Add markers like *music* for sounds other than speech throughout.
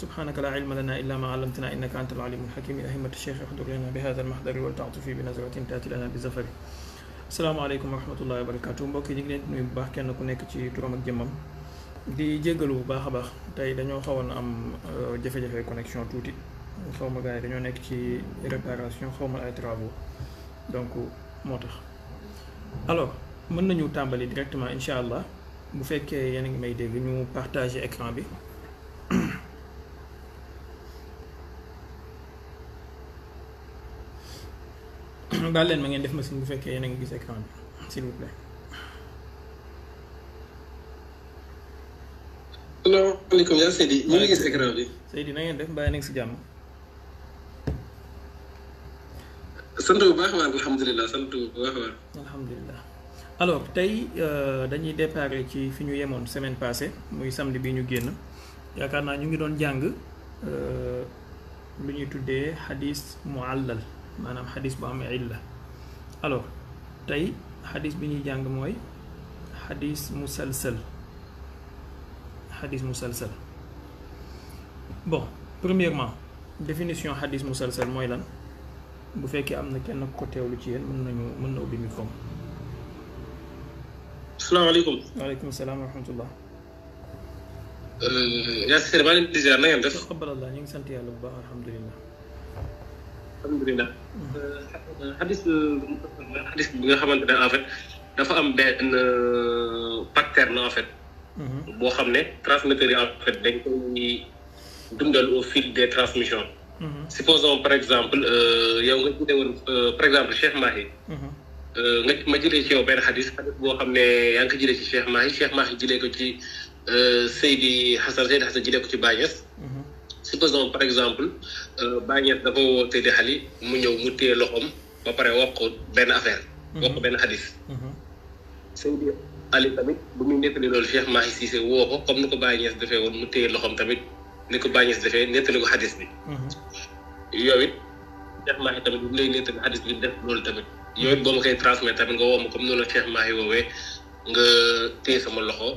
سبحانك لا علم لنا إلا ما علمتنا إنك أنت العليم الحكيم أهمة الشيخ يحضر لنا بهذا المحضر والتعطفي بنزرة تأتي لنا بزفر السلام عليكم ورحمة الله وبركاته بوكي جيجل نوي باكي أنا كنك تي ترامك جمم دي جيجلو باخ باخ تاي دانيو خوان أم جفة جفة كونكشن توتي خوما غاي دانيو نك تي ريباراسيون خوما أي ترابو دونكو موتخ ألو من نيو تامبالي ديريكتما إن شاء الله بو فيكي يانيك ميدي نيو بارتاجي إكران بي baal leen ma ngeen def machine bu fekke yéen a gis écran bi s'il vous plaît. Hello, salaamaaleykum yaa Seydi ñu ngi gis écran bi. Seydi na ngeen def mbaa nekk ci jamm. sant bu baax wa alhamdulilah sant bu baax wa. alhamdulilah alors tay euh, dañuy départ ci fi ñu yemoon semaine passée muy samedi bi ñu génn yaakaar naa ñu ngi doon jàng lu eh, ñuy tuddee hadith muallal manam hadith bu am illa alors tay hadith bi ñuy jàng moy hadith musalsal hadith musalsal bon premièrement définition hadith musalsal moy lan bu fekke amna kenn ko tewlu ci yéen mën nañu mën na ubbi micro salaamaaleykum waaleykum salaam wa rahmatullah yaa ngi sant yàlla bu baax alhamdulilah alhamdulilah. xadis euh, xadis euh, bi nga xamante ne en fait dafa am benn euh, pattern en fait. Mhm. boo xam ne transmetteurs yi en fait dañ koy dundal au fil des transmissions. Mhm. supposons par exemple yow nga jëlee woon par exemple Cheikh Mahi. Mhm. nga ma jëlee ci yow benn xadis boo xam ne yaa ngi ko jëlee ci Cheikh Mahi Cheikh Mahi jëlee ko ci Seydi Xasan Seydi Xasan jëlee ko ci Baay supposons par exemple euh, bañet dafa wote di xali mu ñew mu tey loxom ba paré wax ko ben affaire mhm. wax ko ben hadith mhm. sayyidi ali tamit bu ñu netali lool cheikh mahi cissé wo ko comme niko bañes defé won mu tey loxom tamit niko bañes defé netali ko hadith bi mhm. yowit cheikh mahi tamit bu lay netali hadith bi def lool tamit yowit bo ma kay transmettre tamit nga wo comme nonu cheikh mahi wowe nga tey sama loxo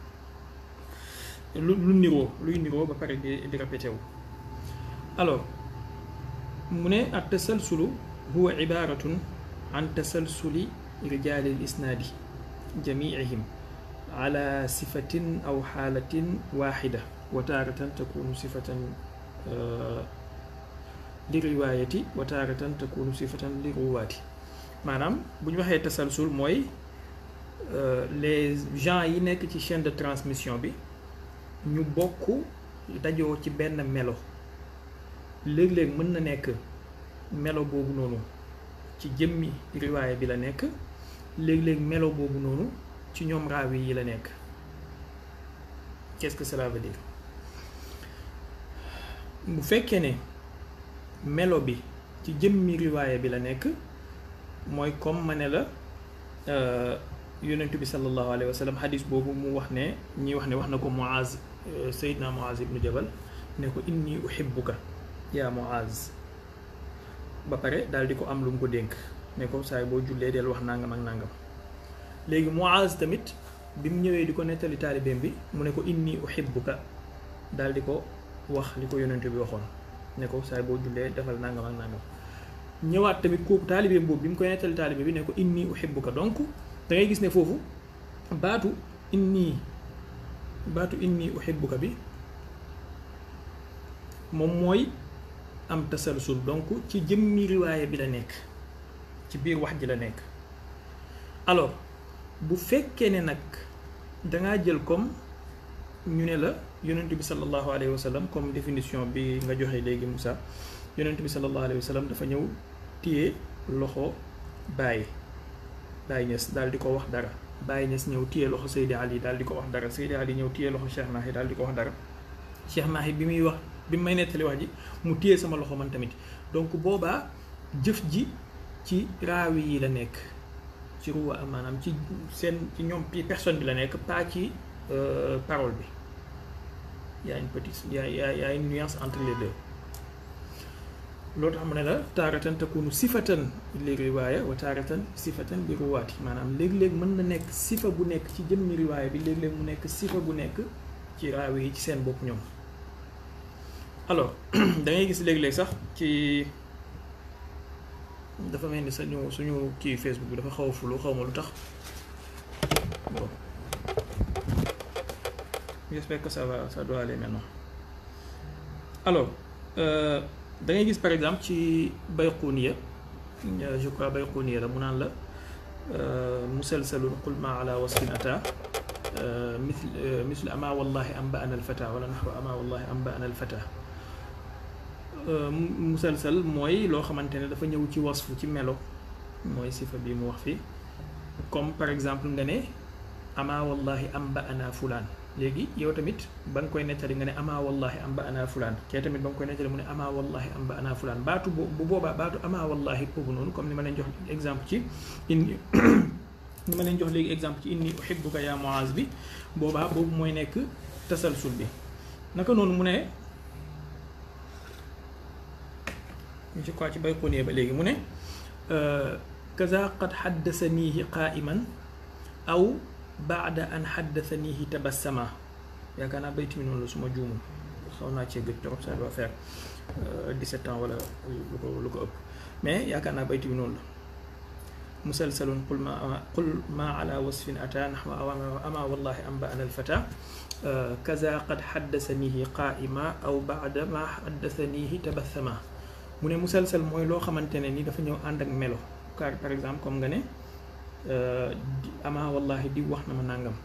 lu niroo luy niroo ba pare di di répété wu alors mu ne at tasalsulu huwa ibaratun an tasalsuli rijaali lisnaadi jamiihim ala sifatin aw xaalatin waaxida wa taaratan takunu sifatan euh, li riwaayati wa taaratan takunu sifatan li ruwaati maanaam bu ñu waxee tasalsul mooy euh, les gens yi nekk ci chaîne de transmission bi ñu bokk dajoo ci benn melo léeg-léeg mën na nekk melo boobu noonu ci jëmmi riwaaya bi la nekk léeg-léeg melo boobu noonu ci ñoom raawi yi la nekk qu'est-ce bu fekkee ne melo bi ci jëmmi riwaaya bi la nekk mooy comme ma ne la euh, yonentu bi sallallahu alayhi wa sallam xadis boobu mu wax ne ñi wax ne wax na ko Muaz Seydina Muaz ibnu Jabal ne ko inni uhibbuka yaa Muaz ba pare daal di ko am lu mu ko dénk ne ko saay boo jullee del wax nangam ak nangam léegi Muaz tamit bi mu ñëwee di ko nettali taalibeem bi mu ne ko inni uhibbuka daal di ko wax li ko yonent bi waxoon ne ko saay boo jullee defal nangam ak nangam ñëwaat tamit kooku taalibeem boobu bi mu koy nettali taalibe bi ne ko inni uhibbuka donc da gis ne foofu baatu inni baatu inni uhibbuka bi moom mooy am tasalsul donc ci jëmmi riwaaya bi la nekk ci biir wax ji la nekk alors bu fekkee ne nag dangaa jël comme ñu ne la yonent bi sallallahu alayhi wa sallam comme définition bi nga joxe léegi Moussa yonent bi sallallahu alayhi wa sallam dafa ñëw téye loxo Baye Baye Niass daal di ko wax dara Baye Niass ñëw tiye loxo Seydi Ali daal di ko wax dara Seydi Ali ñëw téye loxo Cheikh Mahi daal di ko wax dara Cheikh Mahi bi muy wax bi may nettali wax ji mu téye sama loxo man tamit donc booba jëf ji ci raawi yi la nekk ci ruwa am maanaam ci seen ci ñoom personne bi la nekk pas ci euh, parole bi y a une petite y a y entre les loolu tax mu ne la taaratan takunu sifatan li riwaaya wa taaratan sifatan li ruwaati maanaam léeg-léeg mën na nekk sifa bu nekk ci jëmmi riwaaya bi léeg-léeg mu nekk sifa bu nekk ci raawe yi ci seen bopp ñoom alors *clears throat* da gis léeg-léeg sax ci dafa mel ni sañu suñu kii Facebook bi dafa xaw a fulu xaw ma lu tax bon sa que ça va ça doit da ngay gis par exemple ci bayquuniya je crois bayquuniya la mu naan la musalsalun qul ma ala wasfin ata مثل مثل أما والله أنبأنا الفتى ولا نحو أما والله أنبأنا الفتى مسلسل mooy loo xamante ne dafa ñëw ci wasfu ci melo mooy sifa bi mu wax fi comme par exemple nga ne أما والله أنبأنا فلان léegi yow tamit ba nga koy nettali nga ne amaa wallahi am ba ana fulaan kee tamit ba nga koy nettali mu ne amaa wallahi am ba ana fulaan baatu bu boobaa baatu amaa wallahi boobu noonu comme ni ma leen jox exemple ci inni *coughs* ni ma leen léegi exemple ci inni uhibbuka yaa Muaz bi boobaa boobu mooy nekk tasalsul bi naka noonu mu ne je crois ci bay xonee ba léegi mu ne euh, kaza qad haddasanihi qaa'iman aw baada an haddathanihi tabassama yaakaar naa bayt mi noonu la su ma juumul xaw naa cee gëj trop ça doit faire 17 ans wala lu ko lu ko ëpp mais yaakaar naa bayt bi noonu la musalsalun qul ma qul ma ala wasfin ata nahwa ama wallahi am ba'ana alfata kaza qad haddasanihi qaa'ima aw ba'da ma haddasanihi tabassama mu ne musalsal mooy loo xamante ne ni dafa ñëw ànd ak melo car par exemple comme nga ne ama euh, wallahi di wax na ma nàngam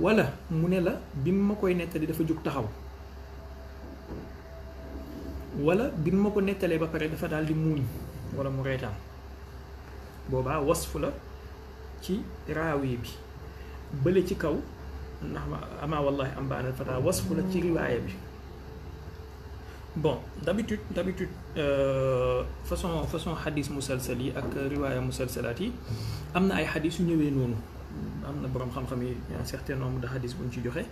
wala mu ne la bi ma koy nettali dafa jóg taxaw wala bi ma ko nettalee ba pare dafa daal di muuñ wala mu reetaan booba wasfu la ci raawi bi bale ci kaw ndax ma ama wallahi am baanal fataa wasfu la ci riwaaya bi بون دابيتود دابيتود فاصون فاصون حديث مسلسلي اك روايه مسلسلاتي امنا اي حديث نيوي نونو امنا بروم خام خامي يعني سيرتين نوم دا حديث بون سي جوخي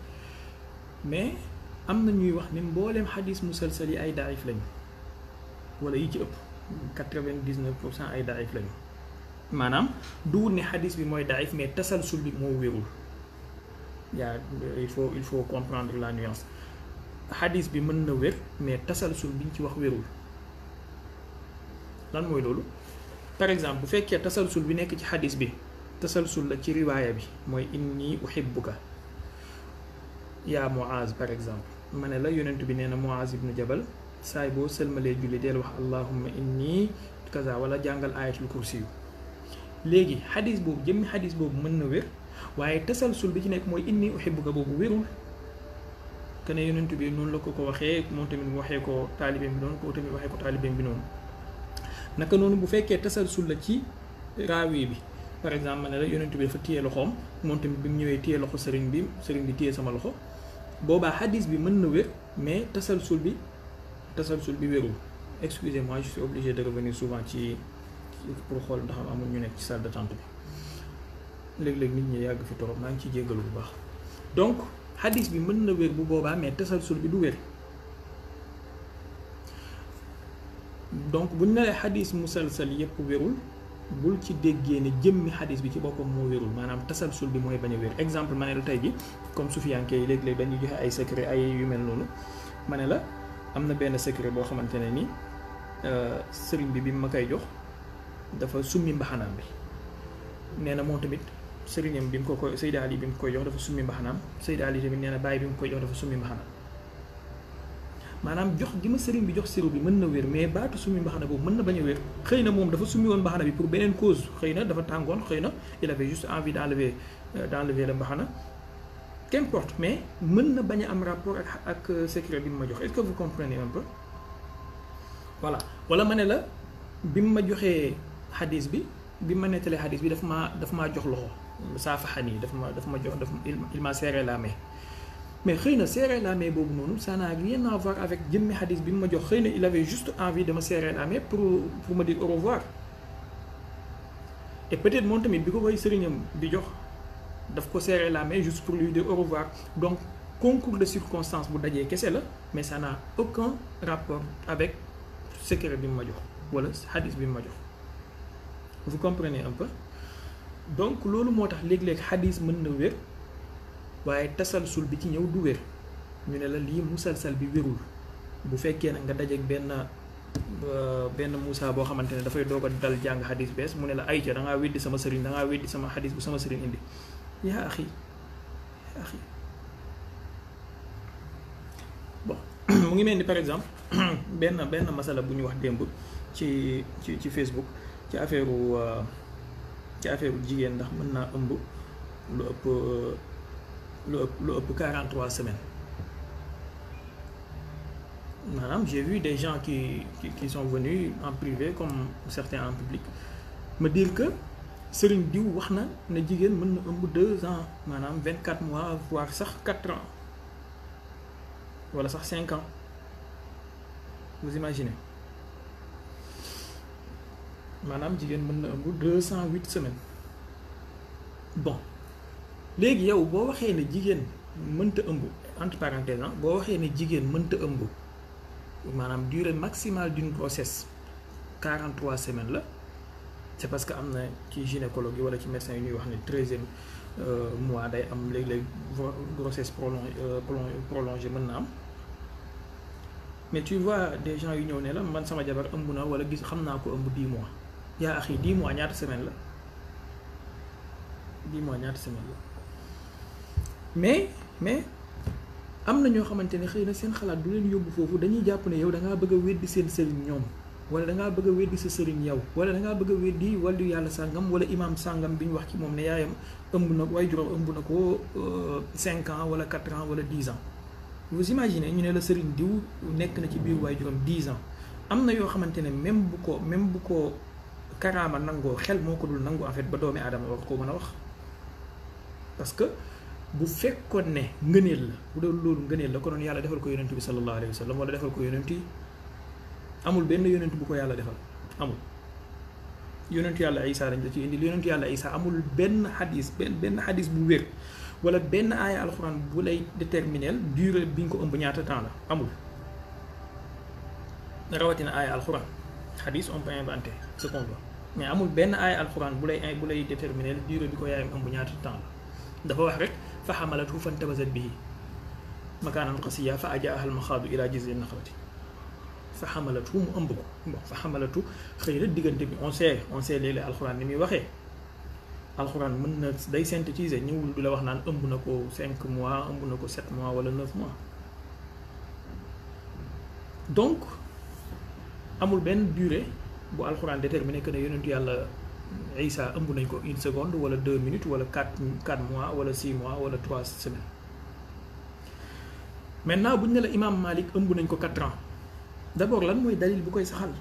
مي امنا نيوي واخ ني مبولم حديث مسلسلي اي ضعيف لاني ولا يجي اوب 99% اي ضعيف لاني مانام دو ني حديث بي موي ضعيف مي تسلسل بي مو ويرول يا يعني il faut il faut comprendre xadis bi mën na wér mais tasalsul biñ ci wax wérul lan mooy loolu par exemple bu fekkee tasalsul bi nekk ci xadis bi tasalsul la ci riwaaya bi mooy inni uhibbuka yaa Muaz par exemple ma ne la yonent bi nee na Muaz ibnu Jabal saay boo sëlmalee julli deel wax allahumma inni kaza wala jàngal ayatul kursi léegi xadis boobu jëmmi xadis boobu mën na wér waaye tasalsul bi ci nekk mooy inni uhibbuka boobu wérul que ne yonent bi noonu la ko ko waxee moom tamit waxee ko taalibeem bi noonu koo tamit waxee ko taalibeem bi noonu naka noonu bu fekkee tasalsul la ci raawi bi par exemple ne la yonent bi dafa téye loxoom moo tamit bi mu ñëwee téye loxo sëriñ bi sëriñ bi téye sama loxo boobaa hadis bi mën na wér mais tasalsul bi tasalsul bi wérul excusez-moi je suis obligé de revenir souvent ci pour xool ndax amul ñu nekk ci salle d'attente bi léeg-léeg nit ñi yàgg fi torop maa ngi ciy jéggalu bu baax xadis bi mën na wér bu boobaa mais tasalsul bi du wér donc buñ ne xadis musalsal yëpp wérul bul ci déggee ne jëmmi xadis bi ci boppam moo wérul maanaam tasalsul bi mooy bañ a wér exemple ma la tey ji comme sufiyanke yi léeg-léeg dañuy joxe ay secret ay yu mel noonu ma ne la am na benn secret boo xamante ne ni euh, sëriñ bi bi ma koy jox dafa summi mbaxanaam bi nee na moom tamit sëriñ am bi mu ko koy Seydi Ali bi mu koy jox dafa summi mbaxanaam Seydi Ali tamit nee na bàyyi bi mu koy jox dafa summi mbaxanaam maanaam jox gi ma sëriñ bi jox siro bi mën na wér mais baatu summi mbaxana boobu mën na bañ a wér xëy na moom dafa summi woon mbaxana bi pour beneen cause xëy na dafa tàngoon xëy na il avait juste envie d'enlever d'enlever la mbaxana qu'importe mais mën na bañ a am rapport ak ak secret bi mu ma jox est-ce que vous comprenez un peu voilà wala ma ne la bi mu ma joxee xadis bi bi ma nettalee xadis bi daf maa daf maa jox loxo jox il m'a serré la main mais xëy na serré la main ça n'a rien à voir avec jëmmi hadith bi ma jox il avait juste envie de me serrer la main pour pour me dire au revoir et peut-être moom tamit bi ko koy sëriñam bi jox daf ko serré la main juste pour lui dire au revoir donc concours de circonstances bu dajee kese mais ça n'a aucun rapport avec secret que mu ma jox wala hadith bi ma jox vous comprenez un peu donc loolu moo tax léeg-léeg xadis mën na wér waaye tasalsul bi ci ñëw du wér ñu ne la lii musalsal bi wérul bu fekkee nag nga dajeeg benn euh, benn Moussa boo xamante ne dafay doog a dal jàng xadis bees mu ne la ayca da ngaa weddi sama sëriñ da ngaa weddi sama xadis bu sama sëriñ indi ya axi ya axi bon *clears throat* mu ngi mel ni par exemple *clears throat* benn benn masala bu ñu wax démb ci ci ci Facebook ci affaire euh, fait 43 semaines. Madame, j'ai vu des gens qui, sont venus en privé comme certains en public me dire que c'est une diou wahna ne deux ans madame 24 mois voire ça 4 ans voilà ça 5 ans vous imaginez manam jigen mën na ëmb 208 semaines bon léegi yow boo waxee ne jigen mënta ëmb entre parenthèses ah, boo waxee ne jigen mënta ëmb maanaam durée maximale d'une grossesse 43 semaines la c'est parce que am na ci gynécologue yi wala ci médecin yi ñuy wax ne treizième euh, mois day am léeg-léeg grossesse euh, prolongée prolongée mën na am mais tu vois des gens yu ñëw ne la man sama jabar ëmb na wala gis xam naa ko ëmb 10 mois yaa ax yi dix mois ñaata semaine la dix mois ñaata semaine la mais mais am na ñoo xamante ne xëy na seen xalaat du leen yóbbu foofu dañuy jàpp ne yow da ngaa bëgg a weddi seen sëriñ ñoom wala da ngaa bëgg a weddi sa sëriñ yow wala da ngaa bëgg a weddi wàllu yàlla sàngam wala imaam sàngam bi ñu wax ci moom ne yaayam ëmb na waaye juróom ëmb na ko euh, cinq ans wala quatre ans wala dix ans vous imaginez ñu ne la sëriñ diw nekk na ci biir waaye juróom dix ans am na yoo xamante ne même bu ko même bu ko karaama nangoo xel moo ko dul nangu en ba doomi aadama war ko mën a wax parce que bu fekkoon ne ngëneel la bu doon loolu ngëneel la konoon yàlla defal ko yonent bi sallallahu alayhi wa sallam wala defal ko yonent yi amul benn yonent bu ko yàlla defal amul yonentu yàlla isa dañ la ci indi indil yonentu yàlla isa amul benn xadis benn benn bu wér wala benn aaya alxuraan bu lay déterminer durée bi ñu ko ëmb ñaata temps la amul rawatina aaya alxuraan xadis on peut inventer ce qu'on veut mais amul benn aaya alquran bu lay bu lay déterminer durée bi ko yaayam am bu ñaata temps la dafa wax rek fa xamalatu fantabasat bihi makaanan qasiya fa ajaaha almaxaadu ila jizli naxlati fa xamalatu mu ëmb ko bon fa xamalatu xëy na diggante bi on sait on sait léeg-léeg alquran ni muy waxee alxuraan mën na day synthétiser ñëwul du la wax naan ëmb na ko 5 mois ëmb na ko 7 mois wala 9 mois donc amul benn durée bu alxuraan déterminé que ne yonentu yàlla Isa ëmb nañ ko une seconde wala 2 minutes wala 4 mois wala 6 mois wala 3 semaines maintenant buñ ne la imam Malik ëmb nañ ko 4 ans d'abord lan moy dalil bu koy saxal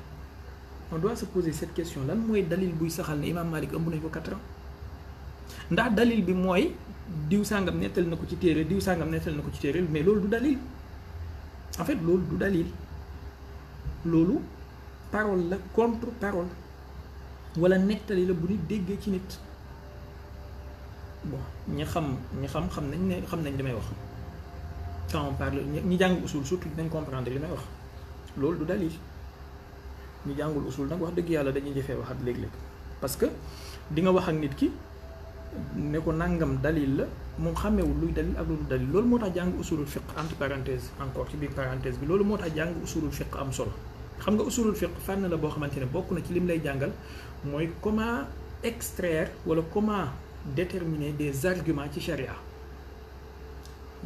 on doit se poser cette question lan moy dalil buy saxal ne imam Malik ëmb nañ ko 4 ans ndax dalil bi moy diw sàngam nettali nako ci téré diw sàngam nettali nako ci téré mais loolu du dalil en fait loolu du dalil loolu. parole la contre parole wala nettali la bu nit déggee ci nit bon ñi xam ñi xam xam nañ ne xam nañ li may wax quand on parle ñi jàng usul surtout dinañ comprendre li may wax loolu du dalil ñi jàngul usul nag wax dëgg yàlla dañuy jëfee waxat léeg-léeg parce que di nga wax ak nit ki ne ko nangam dalil la moom xàmmeewul luy dalil ak lu dalil loolu moo tax jàng usulul fiq entre parenthèse encore ci biir parenthèse bi loolu moo tax jàng usulul fiq am solo xam nga usulul fiq fànn la boo xamante ne bokk na ci lim lay jàngal mooy comment extraire wala comment déterminer des arguments ci sharia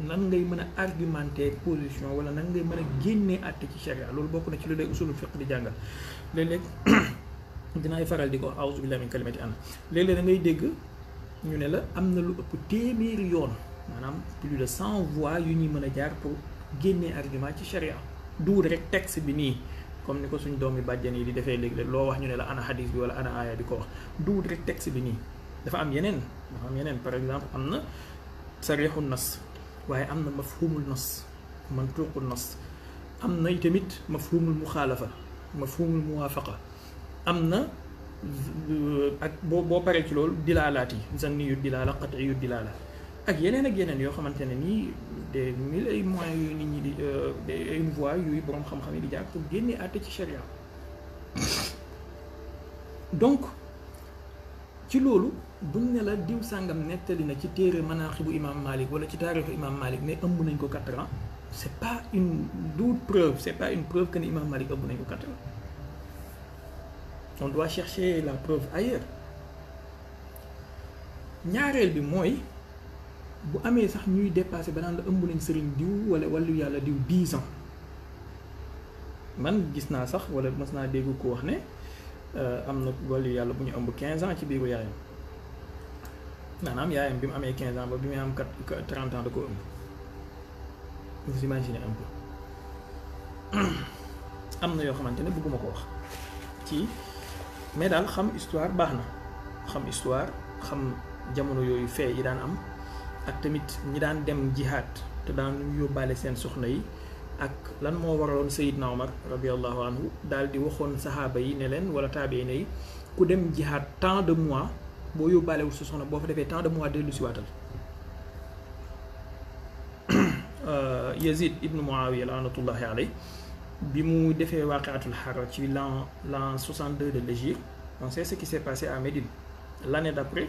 nan ngay mën a argumenter position wala nan ngay mën a génnee àtte ci sharia loolu bokk na ci lu lay usulul fiq di jàngal léeg-léeg dinaay faral di ko awsu billahi min kalimati ana léeg-léeg da ngay dégg ñu ne la am na lu ëpp téeméeri yoon maanaam plus de 100 voix yu ñuy mën a jaar pour génnee argument ci sharia duul rek texte bi nii comme niko suñ doomi badjani di defé lég lég lo wax ñu ne la ana hadith bi wala ana aya bi ko wax du rek texte bi ni dafa am yenen dafa am yenen par exemple amna sarihun nas waye amna mafhumul nas mantuqu nas amna na itamit mafhumul mukhalafa mafhumul muwafaqa amna ak bo bo paré ci loolu dilalati zanniyud dilala qat'iyud dilala ak yeneen ak des mille nit ñi di ay euh, xam di ci sharia donc ci loolu ne la diw sangam nettali ci téere manaaxibu imam malik wala ci taarixu imam malik ne ëmb nañ ko ans pas une preuve c'est pas une preuve que imam malik ëmb nañ ko on doit chercher la preuve ailleurs ñaareel bi bu amé sax ñuy dépasser ba naan la ëmb nañ sëriñ diw wala walu yalla diw 10 ans man gis naa sax wala mas naa dégg ko wax ne euh, am na walu yàlla bu ñu ëmb 15 ans ci biiru yaayam maanaam yaayam bi mu amee 15 ans ba bi muy am 4 30 ans da ko ëmb vous imaginez un peu *clears throat* am na yoo xamante ne bëgguma ko wax ci mais daal xam histoire baax na xam histoire xam jamono yooyu fee yi daan am. ak tamit ñi daan dem jihaad te daan yóbbaale seen soxna yi ak lan moo waraloon Seydina Omar radiallahu anhu daal di waxoon saxaaba yi ne leen wala taabee ne yi ku dem jihaad tant de mois boo yóbbaalewul sa soxna boo fa defee tant de mois dellu si waatal Yazid ibnu Muawiya laanatullahi alay bi mu defee waaqiatul xarra ci l'an l'an 62 de l'Hégire on sait ce qui s'est passé à Médine l'année d'après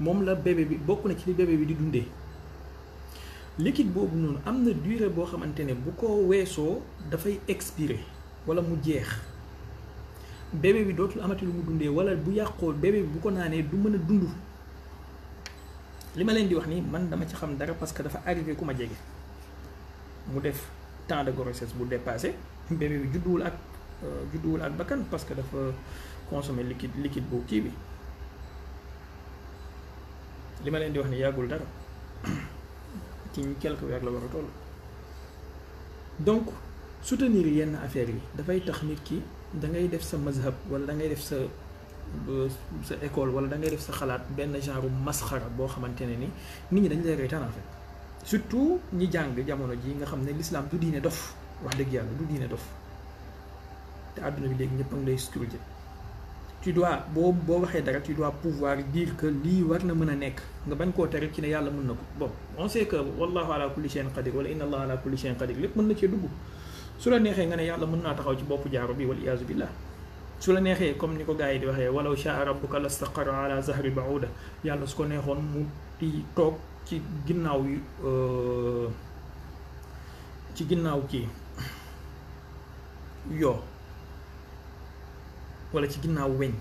moom la bébé bi bokk na ci li bébé bi di dundee liquide boobu noonu am na durée boo xamante ne bu ko weesoo dafay expiré wala mu jeex bébé bi dootul amati lu mu dundee wala bu yàqoo bébé bi bu ko naanee du mën a dundu li ma leen di wax nii man dama ci xam dara parce que dafa arrivé ku ma jege mu def temps de grossesse bu dépassé bébé bi judduwul ak euh, judduwul ak bakkan parce que dafa consommé liquide liquide boobu kii bi. li ma leen di wax ni yàggul dara *clears throat* ci quelque weer la war a toll donc soutenir yenn affaires yi dafay tax nit ki dangay def sa mazhab wala da ngay def sa sa école wala da ngay def sa xalaat benn genre masxara boo xamante ne ni nit ñi dañ lay reetaan en surtout ñi jàng jamono ji nga xam ne l'islam du diine dof wax dëgg yàlla du diine dof te àdduna bi léegi ñëpp a ngi lay scruté tu dois boo boo waxee dara tu dois pouvoir dire que war na mën a nekk nga bañ koo tere ci ne yàlla mën na ko bon on sait que wallahu ala kulli shay'in qadir wala inna allah ala kulli shay'in qadir su la neexee nga ne yàlla mën naa taxaw ci bopp jaaro bi wal iyaazu billah su la neexee comme ni ko gars yi di waxee walaw shaa rabbuka lastaqara ala zahri ba'uda yàlla su ko neexoon mu di toog ci ginnaaw euh, ci ginnaaw kii yoo wala ci ginnaaw weñ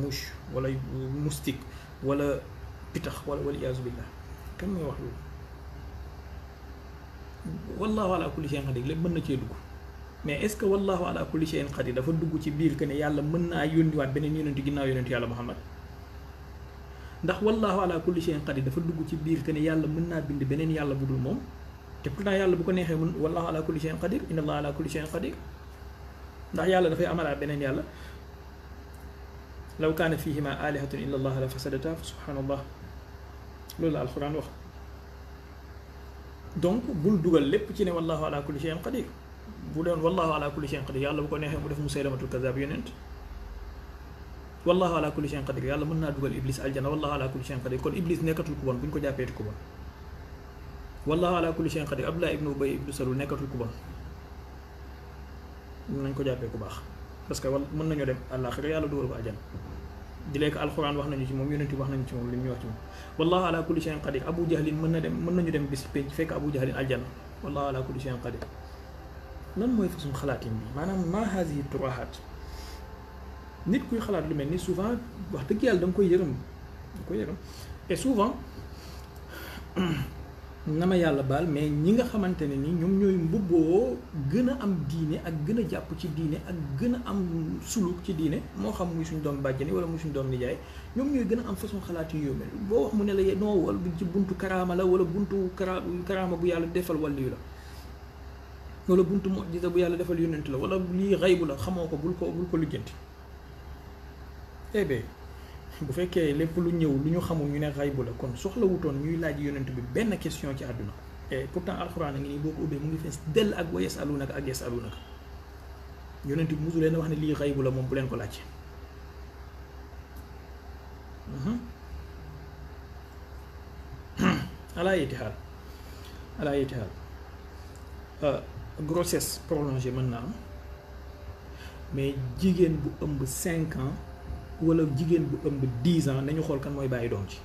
mouche wala moustique wala pitax wala wala iyaasu billah kan mooy wax loolu wallahu ala kulli shay'in qadir lépp mën na cee dugg mais est ce que wallahu ala kulli shay'in qadir dafa dugg ci biir que ne yàlla mën naa yóndiwaat beneen yonentu ginnaaw yonentu yàlla muhammad ndax wallahu ala kulli shay'in qadir dafa dugg ci biir que ne yàlla mën naa bind beneen yàlla bu dul moom te pourtant yàlla bu ko neexee mën wallahu ala kulli shay'in qadir inna allah ala kulli shay'in qadir ndax yàlla dafay amalaat beneen yàlla لو كان فيهما آلهة إلا الله لفسدتا فسبحان الله لولا القرآن وخ دونك بول دوغال لب كي والله على كل شيء قدير بولون والله على كل شيء قدير يالله بوكو نيه بوديف مسيلمة الكذاب يننت والله على كل شيء قدير يالله منا دوغال إبليس الجنة والله على كل شيء قدير كون إبليس نيكت الكوبان بنكو جابيت الكوبان والله على كل شيء قدير أبلا ابن أبي إبليس الكوبان نيكت الكوبان نيكو جابيت الكوبان parce que wal mën nañoo dem àllaaxira yàlla dugal ko àjjana di lekk alxuraan wax nañu ci moom yonent bi wax nañu ci moom li ñu wax ci moom wallahu ala kulli shay'in qadir abu jahlin mën na dem mën nañu dem bis penc fekk abu jahlin aljanna wallahu ala kulli shay'in qadir lan mooy façon xalaatin bi maanaam ma hazihi turahat nit kuy xalaat lu mel ni souvent wax dëgg yàlla da koy yërëm da nga koy yërëm et souvent na ma yàlla baal mais ñi nga xamante ne ni ñoom ñooy mbubboo gën a am diine ak gën a jàpp ci diine ak gën a am suluk ci diine moo xam muy suñ doom bàjjani wala muy suñ doom nijaay ñoom ñooy gën a am façon xalaat yu yóomee boo wax mu ne la ye non wala ci buntu karaama la wala buntu kara karaama bu yàlla defal wàlliyu la wala buntu mujjiza bu yàlla defal yonent la wala lii xaybu la xamoo ko bul ko bul ko lijjanti eh bu fekkee lépp lu ñëw lu ñu xamul ñu ne xaybu la kon soxla wutoon ñuy laaj yonent bi benn question ci àdduna et pourtant alxuraan a ngi nii boo ko ubbee mu ngi fees del ak wa yasalunaka ak yasalunaka yonent bi musu leen wax ne lii xaybu la moom bu leen ko laaj mhm. *clears throat* alaa yetti xaal alaa yetti xaal euh, grossesse prolongée mën na am mais jigéen bu ëmb 5 ans wala jigéen bu ëmb 10 ans nañu xool kan mooy bàyyi doom ci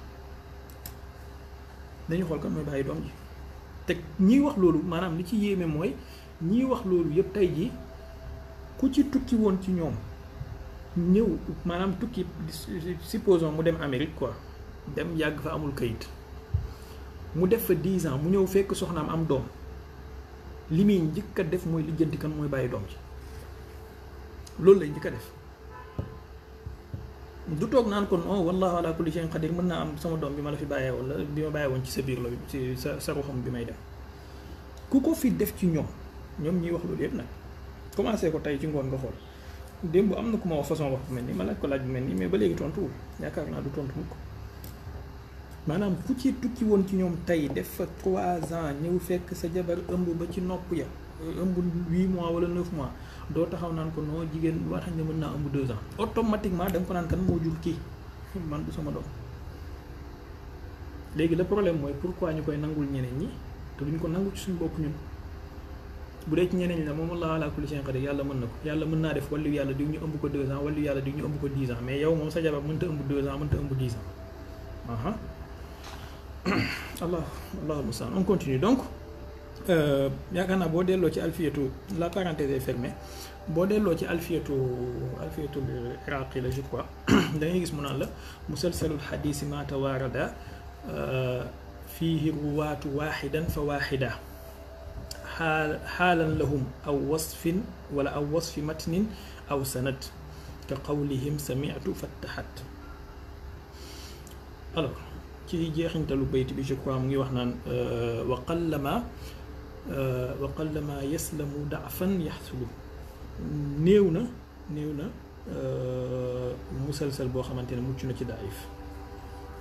nañu xool kan mooy bàyyi doom ji te ñiy wax loolu maanaam li ci yéeme mooy ñiy wax loolu yëpp tey ji ku ci tukki woon ci ñoom ñëw maanaam tukki supposons mu dem Amérique quoi dem yàgg fa amul kayit mu def fa 10 ans mu ñëw fekk soxnaam am doom li muy njëkk a def mooy lijjanti kan mooy bàyyi doom ci loolu lay njëkk a def. du toog naan ko oh wallahu ala kulli shay'in qadir mën naa am sama doom bi ma la fi bàyyee wala bi ma bàyyi woon ci sa biir la ci sa sa ruxam bi may dem ku ko fi def ci ñoom ñoom ñuy wax loolu yëpp nag commencé ko tey ci ngoon nga xool démb am na ku ma wax façon wax bu mel nii ma laaj ko laaj bu mel nii mais ba léegi tontuwul yaakaar naa du tontu mukk maanaam ku ci tukki woon ci ñoom tey def fa trois ans ñëw fekk sa jabar ëmb ba ci nopp ya ëmb huit mois wala neuf mois doo taxaw naan ko non jigéen waa xam ne mën naa ëmb deux ans automatiquement da nga ko naan kan moo jur kii *laughs* man du sama doom léegi le problème mooy pourquoi ñu koy nangul ñeneen ñi te duñ ko nangu ci suñu bopp ñun bu dee ci ñeneen ñi la moom allah ala kulli shay'in qadir yàlla mën na ko yàlla mën naa def wàllu yàlla diw ñu ëmb ko deux ans wàllu yàlla diw ñu ëmb ko dix ans mais yow moom sa jabar mënta ëmb dix ans aha *coughs* donc Euh, yaakaar naa boo delloo ci alfietu la parenthèse est fermée boo delloo ci alfietu alfiyatu iraqi la je crois *coughs* da ngay gis mu naan la musalsalul xadisi ma tawaarada euh, fiihi ruwaatu waaxidan fa waaxida xaalan lahum aw wasfin wala aw wasfi aw sanad ka qawlihim samitu fattaxat alors ci jeexintalu bayt bi je mu ngi wax naan euh, wa wa qallama yaslamu daafan yaxsulu néew na néew na euh, musalsal boo xamante ne mucc na ci daif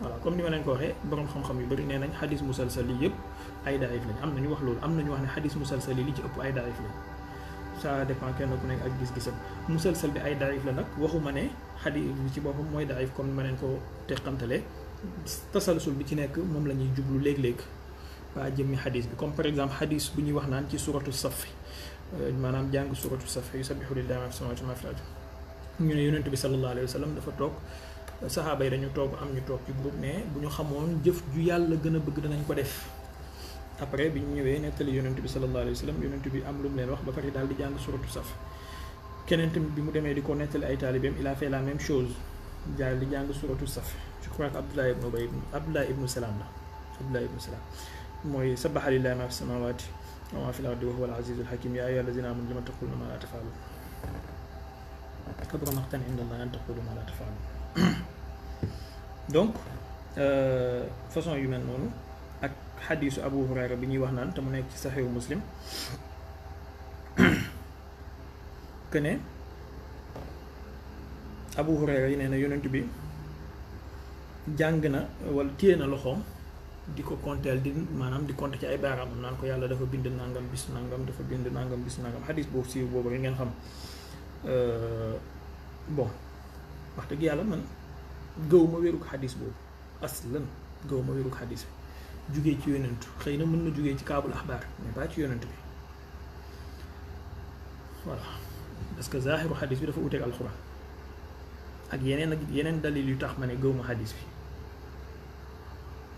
voilà comme ni ma leen ko waxee borom xam yu bëri nee nañ xadis musalsal yi yëpp ay am nañu wax loolu am nañu wax ne xadis musalsal yi li ci ëpp ay daif lañ ça dépend kenn ku nekk ak gis-gisam musalsal bi ay daif la nag waxuma ne xadis bi ci boppam mooy daif comme ni ma leen ko teqantalee tasalsul bi ci nekk moom la ñuy jublu léeg-léeg waa jëmmi xadis bi comme par exemple xadis bu ñuy wax naan ci suratu safi maanaam jàng suratu safi yusabbihu lillahi ma fi samawati ma fi al-ard ñu ne yonent bi sallallahu alayhi wa sallam dafa toog saxaaba yi dañu toog am ñu toog ci groupe mais bu ñu xamoon jëf ju yàlla gën a bëgg danañ ko def après bi ñu ñëwee nettali yonent bi sallallahu alayhi wa sallam yonent bi am lu mu leen wax ba pare daal di jàng suratu saf keneen tamit bi mu demee di ko nettali ay taalibeem il a fait la même chose daal di jàng suratu saf je crois que Abdullah ibn Ubay Abdullah ibn Salam la Abdullah ibn Salam موي سبح لله ما في السماوات وما في الارض وهو العزيز الحكيم يا ايها الذين امنوا لما تقولون ما لا تفعلون كبر مقتا عند الله ان تقولوا ما لا تفعلون دونك فاصون يو مل نونو اك حديث ابو هريره بي ني واخنان تمو نيك صحيح مسلم كني ابو هريره ينه يونت بي جانغنا ولا تينا لخوم di ko konteel di maanaam di compter ci ay baaraam naan ko yàlla dafa bind nangam bis nangam dafa bind nangam bis nangam xadis boobu siiw boobu ngeen xam euh, bon wax dëgg yàlla man gëw ma wérug xadis boobu aslan gëw ma wérug xadis bi jugee ci yonent xëy na mën na jugee ci kaabul axbaar mais pas ci yonent bi voilà parce que zaaxiru xadis bi dafa uteeg alxuraan ak yeneen ak yeneen dalil yu tax ma ne gëw ma xadis bi.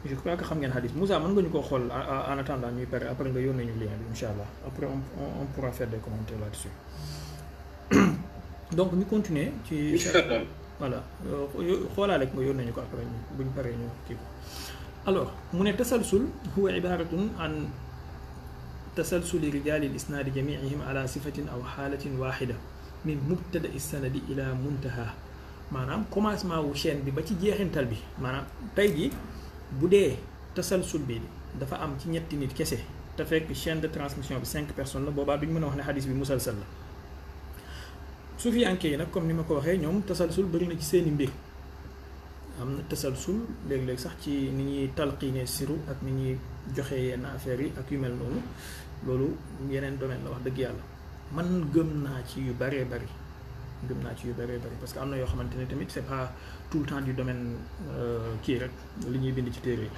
je crois que xam ngeen xadis Moussa mën nga ñu ko xool en attendant ñuy pare après nga yónnee ñu lien bi incha allah après on, on, pourra faire des commentaires là-dessus donc ñu continuer ci voilà xoolaale nga yónnee ñu ko après buñ paree ñu kii ko alors mu ne tasalsul huwa ibaratun an tasalsuli rijali l isnad jamiihim ala sifatin aw xaalatin waxida min mubtada sanadi ila muntaha maanaam commencement wu chaîne bi ba ci jeexintal bi maanaam tey jii bu dee tasalsul bi dafa am ci ñetti nit kese te fekk chaîne de transmission bi cinq personnes la boobaa duñ mën a wax ne xadis bi musalsal la sufiyanke yi nag comme ni ma ko waxee ñoom tasalsul bëri na ci seeni mbir am na tasalsul léeg-léeg sax ci ni ñuy talqiine siru ak ni ñuy joxe yenn affaires yi ak yu mel noonu loolu yeneen domaine la wax dëgg yàlla man gëm naa ci yu baree bari gëm naa ci yu bëree bëri parce que am na yoo xamante ne tamit c'est pas tout le temps du domaine euh, kii rek li ñuy bind ci téere yi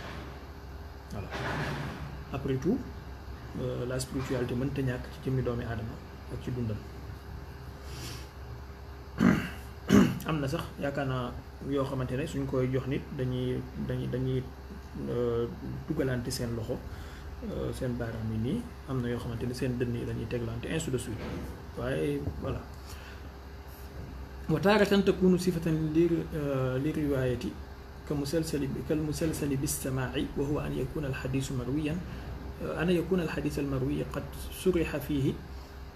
voilà après tout euh, la spiritualité mënta ñàkk ci jëmmi doomi aadama ak ci dundam *coughs* am na sax yaakaar naa yoo xamante ne suñ koy jox nit dañuy dañuy dañuy euh, dugalante seen loxo seen baaraam yi nii am na yoo xamante ne seen dënn yi dañuy teglante ainsi de suite waaye voilà وتارة تكون صفة آه، للرواية كمسلسل كالمسلسل بالسماع وهو أن يكون الحديث مرويا آه، أن يكون الحديث المروي قد سرح فيه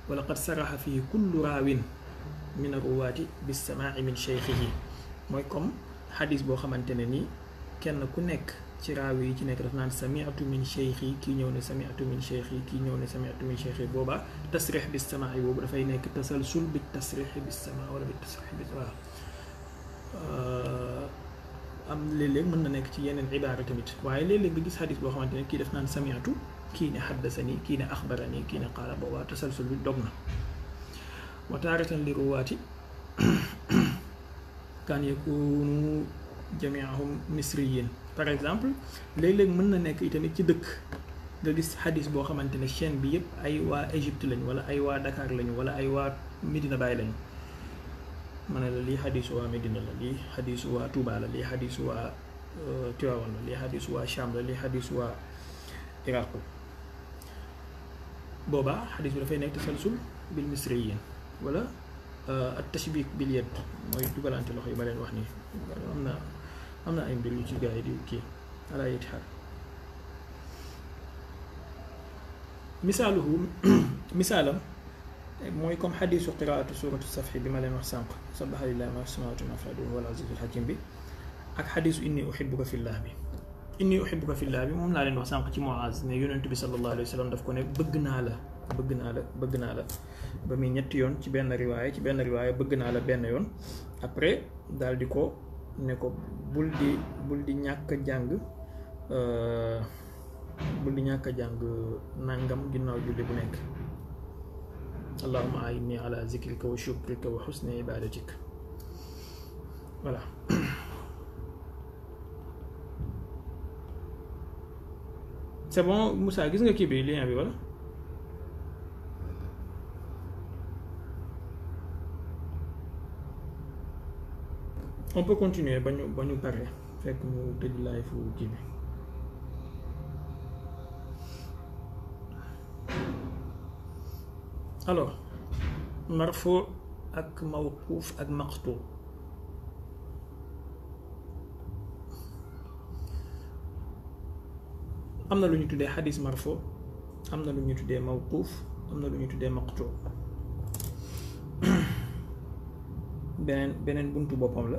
ولقد سرح فيه كل راو من الرواة بالسماع من شيخه mooy حديث xadis boo تنيني كان كونك تراوي كي نك دافنان سمعت من شيخي كي نيونا سمعت من شيخي كي نيونا سمعت من شيخي بوبا تصريح بالسماع بوبا فاي نك تسلسل بالتصريح بالسماع ولا بالتصريح بالسماع آه ام ليلي من نك تي يينن عباره تميت واي ليلي بي غيس حديث بو خامتني كي دافنان سمعت كي حدثني كي اخبرني كي قال بوبا تسلسل بالدغنا وتارة لرواتي كان يكون جميعهم مصريين par exemple léeg-léeg mën na nekk itamit ci dëkk nga gis xadis boo xamante ne chaîne bi yëpp ay waa Égypte lañ wala ay waa Dakar lañu wala ay waa Medina Baye lañ ma ne la lii xadisu waa Medina la lii xadisu waa Touba la lii xadisu waa euh, Tivaouane la lii xadisu waa Cham la lii xadisu waa Iraq boobaa xadis bi dafay nekk tasalsul bil misriyin wala euh, at tashbik bil yad mooy dugalante loxo yi ma leen wax nii am na am na ay mbir yu ci gars yi di kii ala it xar misaaluhu *clears throat* misaalam mooy comme xadisu qiraatu suratu safxi bi ma leen wax sànq sabaxa lillahi ma fi samawati ma fi ardi wal azizul xakim bi ak xadisu inni uxibuka bi moom laa leen wax sànq ci Muaz ne yonent bi sallallahu alayhi wa sallam daf ko ne bëgg naa la bëgg naa la bëgg naa la ba muy ñetti yoon ci benn riwaaya ci benn riwaaya bëgg naa la benn yoon après daal di ko ne ko bul di bul di ñàkk jàng euh, bul di ñàkk a jàng nàngam ginnaaw julli bu nekk allahuma ayinni ala zikrika wa shukrika wa xusni ibadatik voilà c'est bon gis nga kii bi lien bi wala on peut continuer ba ñu ba ñu pare fekk ñu tëj laay fu kii bi alors marfo ak mawquuf ak maqtu am na lu ñu tuddee xadis marfu am na lu ñu tuddee mawquuf am na lu ñu tuddee maqtu *coughs* beneen beneen buntu boppam la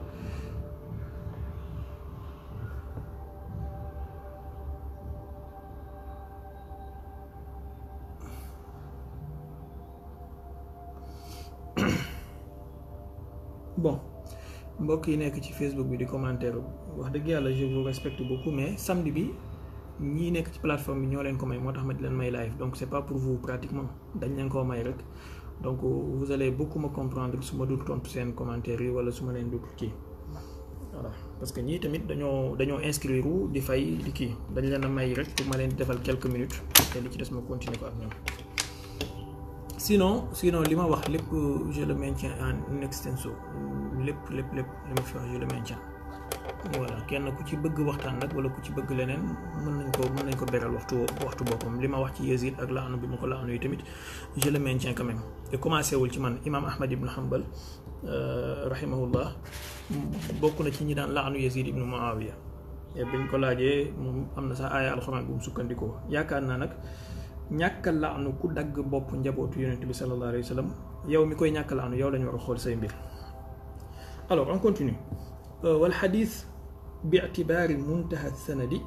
mbokk yi nekk ci Facebook bi di commentaire wax dëgg yàlla je vous respecte beaucoup mais samedi bi ñii nekk ci plateforme bi ñoo leen ko may moo tax ma di leen may live donc c'est pas pour vous pratiquement dañ leen koo may rek donc vous allez beaucoup me comprendre su ma dul tontu seen commentaire yi wala su ma leen dul kii voilà parce que ñii tamit dañoo dañoo inscrire wu di fay di kii dañ leen a may rek pour ma leen defal quelques minutes te li ci des ma continuer ko ak ñoom. sinon sinon li ma wax lépp je le maintiens en extenso lépp lépp lépp li ma fi wax je le maintiens kenn ku ci bëgg waxtaan nag wala ku ci bëgg leneen mën nañ ko mën nañ ko beral waxtu waxtu boppam li ma wax ci Yazid ak laanu bi ma ko laanu yi tamit je le maintiens quand commencé wul ci man imam Ahmad ibn Hanbal euh, rahimahullah bokk na ci ñi daan laanu Yazid ibn Muawiya biñ ko laajee mu am na sax aaya alxuraan bu mu sukkandikoo yaakaar naa nag ñàkka laanu ku dagg bopp njabootu yonent bi sallallahu alayhi yow mi koy ñàkk laanu yow la ñu war a xool say mbir alors on continue والحديث باعتبار منتهى السند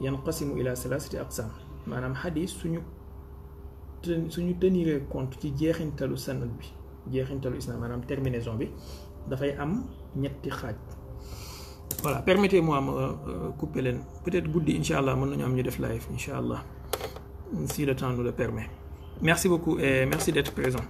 ينقسم إلى ثلاثة أقسام maanaam xadis suñu suñu tenir compte ci jeexintalu sanad bi jeexintalu isna maanaam terminaison bi dafay am ñetti xaaj voilà permettez-moi ma couper len peut-être goudi inshallah allah mën nañu am ñu def live inshallah si le temps nous le permet merci beaucoup et merci d'être présent